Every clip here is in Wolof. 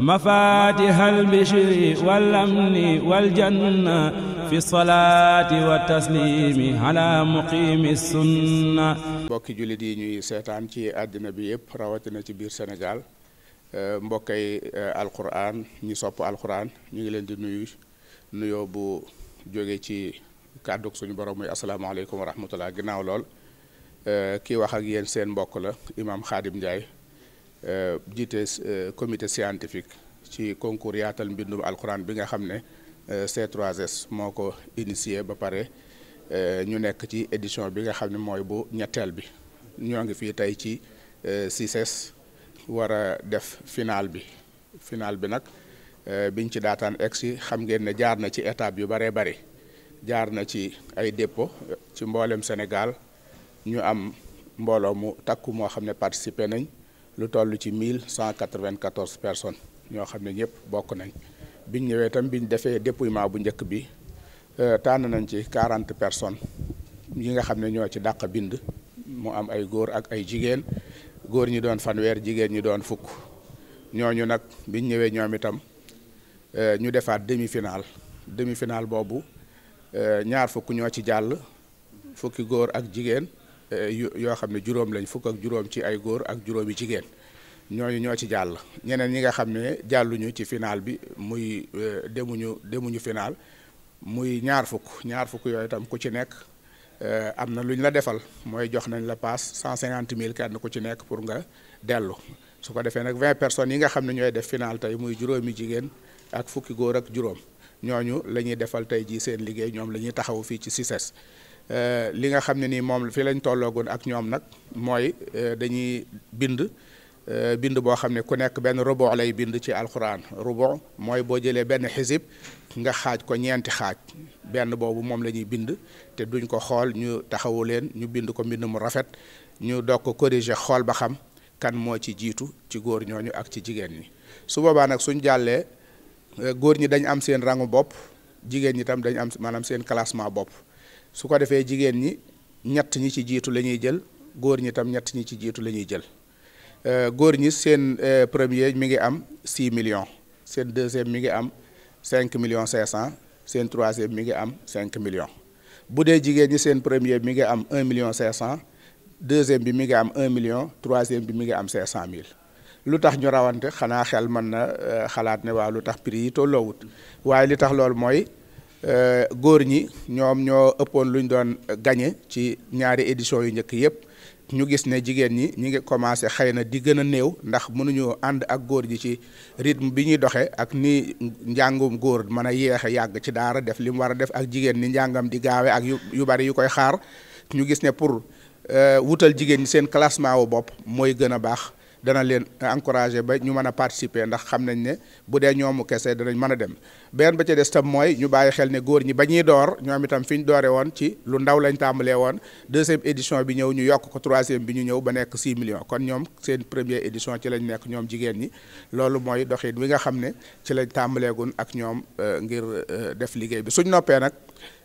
مفاتيح البشر والأمن والجنة في الصلاة والتسليم على مقيم السنة mbokki jullit yi ñuy seetaan ci àddina bi yëpp rawatina ci biir Sénégal euh, mbokkay euh, alquran ñi sopp alquran ñu ngi leen di nuyu nuyoo bu jóge ci kàddu suñu borom muy asalaamaaleykum wa rahmatullah ginnaaw lool euh, kii wax ak yéen seen mbokk la imaam Xaadim Ndiaye Euh, jiite euh, commité scientifique ci concours yaatal mbindum alxuraan bi nga xam ne euh, C3S moo ko initié ba pare ñu nekk ci édition bi nga xam ne mooy bu ñetteel bi ñoo ngi fii tey ci CICES war a def final bi final bi nag biñ ci daataan egg si xam ngeen ne jaar na ci étape yu baree bari jaar na ci ay dépo ci mboolem Sénégal ñu am mbooloo mu takku moo xam ne participer nañ. lu toll ci mille cent quatre-vingt-quatorze personnes ñoo xam ne ñëpp bokk nañ biñ ñëwee tam biñ defee dépouillement bu njëkk bi euh, tànn nañ ci quarante personnes yi nga xam ne ñoo ci dàq bind mu am ay góor ak ay jigéen góor ñi doon fanweer jigéen ñi doon fukk ñooñu nag biñ ñëwee ñoom itam euh, ñu defaat demi-finale demi-finale boobu euh, ñaar fukk ñoo ci jàll fukki góor ak jigéen Euh, yoo xam ne juróom lañ fukk ak juróom ci ay góor ak juróomi jigéen ñooñu ñoo ci jàll ñeneen ñi nga xam ne jàlluñu ci final bi muy euh, demuñu demuñu final muy ñaar fukk ñaar fukk yooyu tam ku ci nekk euh, am na lu ñu la defal mooy jox nañ la paas cent cinquante mille kenn ku ci nekk pour nga dellu su ko defee nag vingt personnes yi nga xam ne ñooy def final tey muy juróomi jigéen ak fukki góor ak juróom ñooñu la ñuy defal tey jii seen liggéey ñoom la ñuy taxaw fii ci CICES e Euh, li nga xam ne nii moom fii lañ tolloo tolloogoon ak ñoom nag mooy euh, dañuy bind euh, bind boo xam ne ku nekk benn rubu' lay bind ci alxuraan rubu' mooy boo jëlee benn xisib nga xaaj ko ñeenti xaaj benn boobu moom lañuy bind te duñ ko xool ñu taxawu leen ñu bind ko mbind mu rafet ñu doog ko corriger xool ba xam kan moo ci jiitu ci góor ñooñu ak ci jigéen ñi su boobaa nag suñ jàllee góor ñi dañ am seen rangu bopp jigéen ñi tam dañ am maanaam seen classement bopp su ko defee jigéen ñi ñett ñi ci jiitu la ñuy jël góor ñi tam ñett ñi ci jiitu la ñuy jël euh, góor ñi seen euh, premier mi ngi am 6 millions seen deuxième mi ngi am 5 millions 500 seen troisième mi ngi am 5 millions bu dee jigéen ñi seen premier mi ngi am un million 500 deuxième bi mi ngi am 1 million troisième bi mi ngi am 500 mille lu tax ñu rawante xanaa xel mën na euh, xalaat ne waaw lu tax prix yi tolloowut waaye li tax loolu mooy. Euh, góor ñi ñoom ñoo ëppoon lu ñu doon gañe ci ñaari édition yu njëkk yëpp ñu gis ne jigéen ñi ñu ngi commencé xëy na di gën a néew ndax mënuñu ànd ak góor ñi ci rythme bi ñuy doxee ak ni njàngum góor mën a yéex a yàgg ci daara def li mu war a def ak jigéen ni njàngam di gaawe ak yu yu bari yu koy xaar ñu gis ne pour euh, wutal jigéen ñi seen classement wu bopp mooy gën a baax dana leen encouragé ba ñu mën a participer ndax xam nañ ne bu dee ñoomu kese danañ mën a dem beneen ba ca des tam mooy ñu bàyyi xel ne góor ñi ba ñuy door ñoom itam fi ñu doore woon ci lu ndaw lañ tàmbalee woon deuxième édition bi ñëw ñu yokk ko troisième bi ñu ñëw ba nekk 6 millions kon ñoom seen première édition ci lañ nekk ñoom jigéen ñi loolu mooy doxin wi nga xam ne ci lañ tàmbaleegun ak ñoom euh, ngir euh, def liggéey bi suñ noppee nag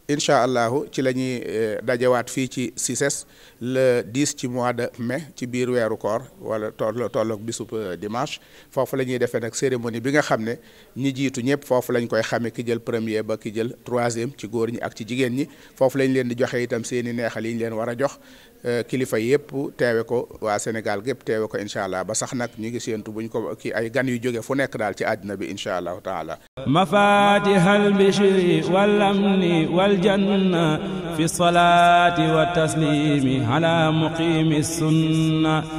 incha allahu ci la ñuy eh, dajewaat fii ci CICES e le 10 ci mois de mai ci biir weeru koor wala toll tolloog bisub eh, dimanche foofu la ñuy defee nag cérémonie bi nga xam ne ñi jiitu ñëpp foofu lañ koy xamee ki jël premier ba ki jël troisième ci góor ñi ak ci jigéen ñi foofu lañ leen di joxe itam seen i neexal yi ñu leen war jox Euh, kilifa yëpp teewe ko waa Sénégal gépp teewe ko incha allah ba sax nag ñu ngi séentu buñ ko ki ay gan yu jóge fu nekk daal ci àddina bi incha allahu taala mafatihal bishri wal amni wal janna fi salaati wa taslimi ala muqimi sunna